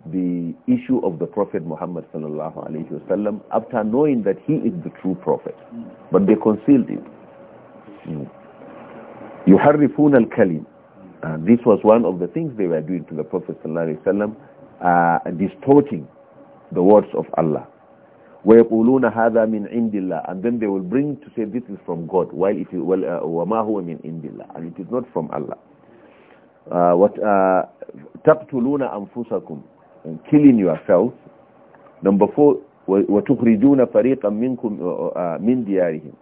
the issue of the Prophet Muhammad sallallahu after knowing that he is the true Prophet. But they concealed it. Mm. يحرفون الكلم and uh, this was one of the things they were doing to the Prophet sallallahu uh, distorting the words of Allah. وَيَقُولُونَ هَذَا مِنْ عِنْدِ اللَّهِ And then they will bring to say this is from God, while it is, well, uh, وَمَا هُوَ مِنْ عِنْدِ اللَّهِ And it is not from Allah. Uh, what, uh, تَقْتُلُونَ أَنفُسَكُمْ and killing yourselves. Number four, وَتُخْرِجُونَ فَرِيقًا مِنْكُمْ مِنْ دِيَارِهِمْ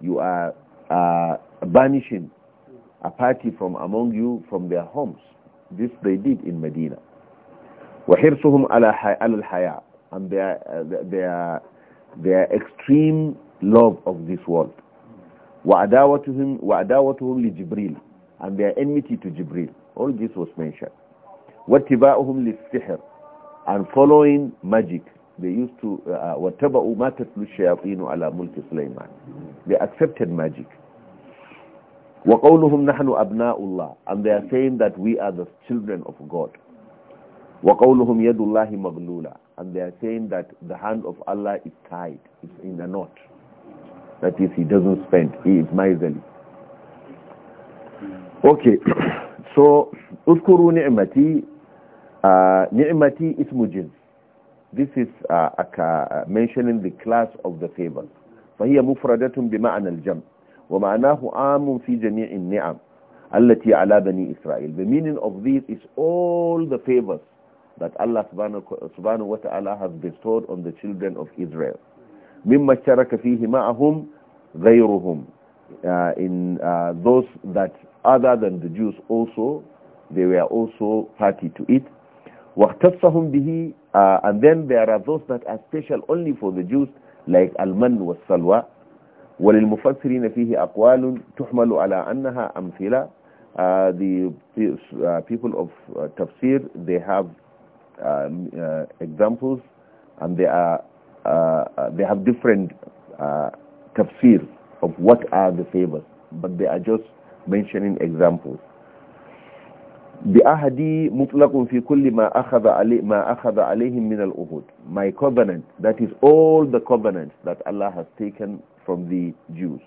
You are uh, banishing a party from among you from their homes. This they did in Medina. وَحِرْصُهُمْ عَلَى الْحَيَاءِ And their, uh, their, their extreme love of this world. وَعَدَاوَتُهُمْ وَعَدَاوَتُهُمْ لِجِبْرِيلِ And their enmity to Jibril. All this was mentioned. وَاتِّبَاؤُهُمْ لِلسِّحْرِ and following magic. They used to, whatever uh, uh ala mulki Sulaiman. They accepted magic. وَقَوْلُهُمْ نَحْنُ أَبْنَاءُ اللَّهِ And they are saying that we are the children of God. وَقَوْلُهُمْ يَدُ اللَّهِ مَغْلُولًا And they are saying that the hand of Allah is tied, it's in a knot. That is, he doesn't spend, he is miserly. Okay, so اذكروا نعمتي uh, ni'mati ismu jins this is uh, uh, mentioning the class of the favor فهي مفردة بمعنى الجمع ومعناه عام في جميع النعم التي على بني إسرائيل the meaning of this is all the favors that Allah subhanahu wa ta'ala has bestowed on the children of Israel مما اشترك فيه معهم غيرهم uh, in uh, those that other than the Jews also they were also party to it وَاخْتَصَّهُمْ بِهِ uh, And then there are those that are special only for the Jews, like al-man Salwa. وللمفسرين فيه أقوال تحمل على أنها أمثلة uh, the uh, people of uh, tafsir they have uh, uh, examples and they are uh, they have different tafsir of what are the favors but they are just mentioning examples بعهدي fi kulli ma ما أخذ ma ما أخذ min al العهود my covenant that is all the covenants that Allah has taken from the Jews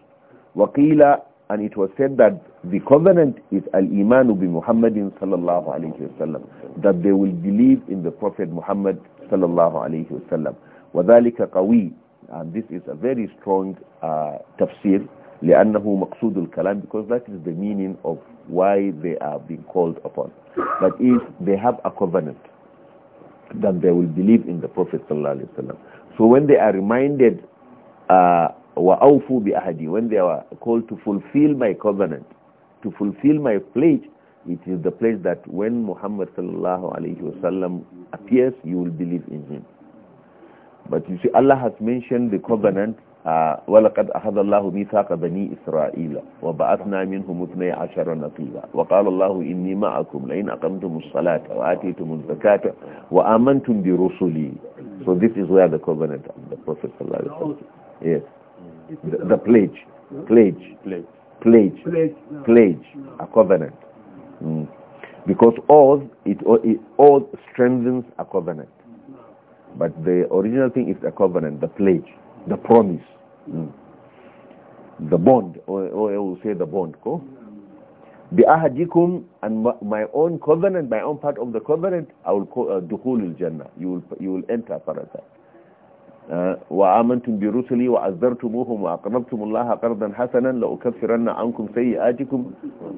Wa qila, and it was said that the covenant is al-iman bi Muhammadin sallallahu alayhi wasallam that they will believe in the prophet Muhammad sallallahu alayhi wasallam Wa وذلك قوي and this is a very strong uh, tafsir لأنه مقصود الكلام because that is the meaning of why they are being called upon. But if they have a covenant, then they will believe in the Prophet sallallahu alaihi wasallam. So when they are reminded, uh, When they are called to fulfill my covenant, to fulfill my pledge, it is the pledge that when Muhammad sallallahu alaihi wasallam appears, you will believe in him. But you see, Allah has mentioned the covenant ولقد أخذ الله ميثاق بني إسرائيل وبعثنا منهم اثني عشر نقيبا وقال الله إني معكم لئن أقمتم الصلاة وآتيتم الزكاة وآمنتم برسلي so this is where the covenant of the Prophet صلى الله عليه وسلم yes the, the pledge pledge pledge pledge a covenant mm. because oath it all strengthens a covenant but the original thing is a covenant the pledge the promise Hmm. the bond or, or I will say the bond ko Bi ahadikum and my own covenant my own part of the covenant I will call uh, دخول الجنة you will, you will enter paradise وآمنتم uh, برسلي hasanan وأقرضتم الله قرضا حسنا لأكفرن عنكم سيئاتكم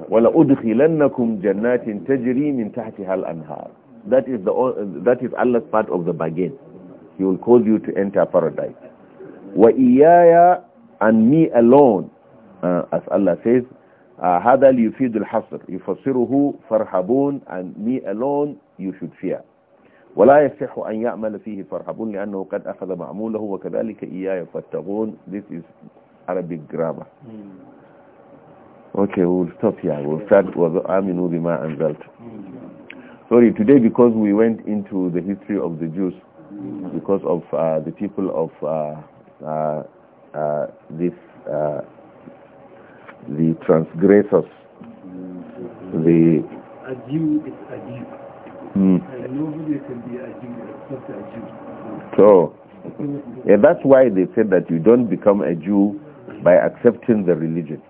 ولأدخلنكم جنات تجري من تحتها الأنهار That is, the, uh, that is Allah's part of the bargain. He will cause you to enter paradise. wa iyaya and me alone uh, as Allah says هذا ليفيد الحصر يفسره فرحبون and me alone you should fear ولا يصح أن يعمل فيه فرحبون لأنه قد أخذ معموله وكذلك إياه فاتقون this is Arabic grammar okay we'll stop here we'll start with آمنوا بما أنزلت sorry today because we went into the history of the Jews because of uh, the people of uh, uh, uh, this uh, the transgressors the a Jew is a Jew mm. and nobody can be a Jew except a Jew so that's why they said that you don't become a Jew by accepting the religion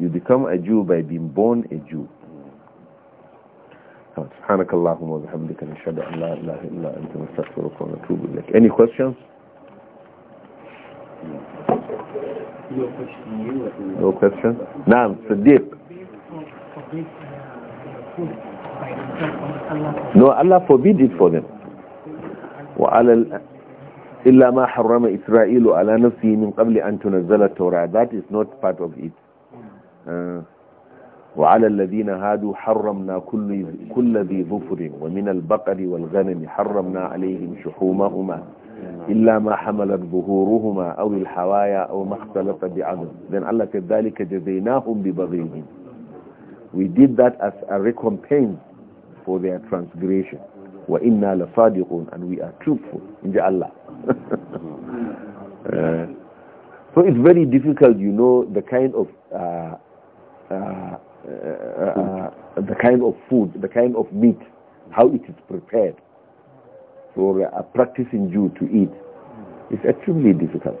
you become a Jew by being born a Jew سبحانك اللهم وبحمدك نشهد ان لا اله الا انت نستغفرك ونتوب اليك any questions نعم صديق نو الله فوبيد it for وعلى إلا ما حرم إسرائيل على نفسه من قبل أن تنزل التوراة. That is not part of it. وعلى الذين هادوا حرمنا كل كل ذي ظفر ومن البقر والغنم حرمنا عليهم شحومهما إلا ما حملت ظهورهما أو الحوايا أو ما اختلط بعدم then Allah said ذلك جزيناهم ببغيهم we did that as a recompense for their transgression وإنا لصادقون and we are truthful إن Allah الله. so it's very difficult you know the kind of uh, uh, the kind of food the kind of meat how it is prepared for a practicing Jew to eat is extremely difficult.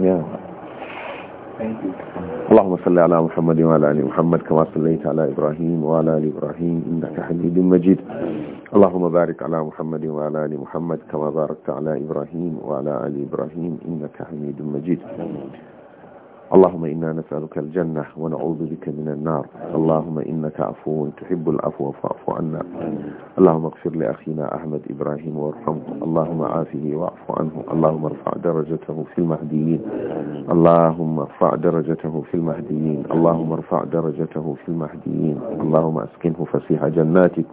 Yeah. Thank you. اللهم صل على محمد وعلى ال محمد كما صليت على ابراهيم وعلى ال ابراهيم انك حميد مجيد اللهم بارك على محمد وعلى ال محمد كما باركت على ابراهيم وعلى ال ابراهيم انك حميد مجيد اللهم إنا نسألك الجنة ونعوذ بك من النار اللهم إنك عفو تحب العفو فاعف عنا اللهم اغفر لأخينا أحمد إبراهيم وارحمه اللهم عافه واعف عنه اللهم ارفع درجته في المهديين اللهم ارفع درجته في المهديين اللهم ارفع درجته في المهديين اللهم أسكنه فسيح جناتك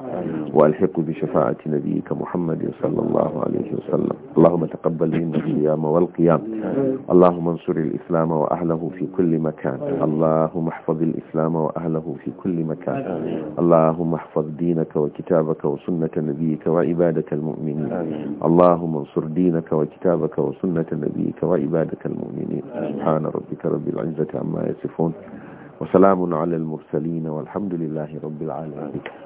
وألحقه بشفاعة نبيك محمد صلى الله عليه وسلم اللهم تقبل منا الصيام والقيام اللهم انصر الإسلام وأهله في كل مكان اللهم احفظ الإسلام وأهله في كل مكان اللهم احفظ دينك وكتابك وسنة نبيك وعبادك المؤمنين اللهم انصر دينك وكتابك وسنة نبيك وعبادك المؤمنين سبحان ربك رب العزة عما يصفون وسلام على المرسلين والحمد لله رب العالمين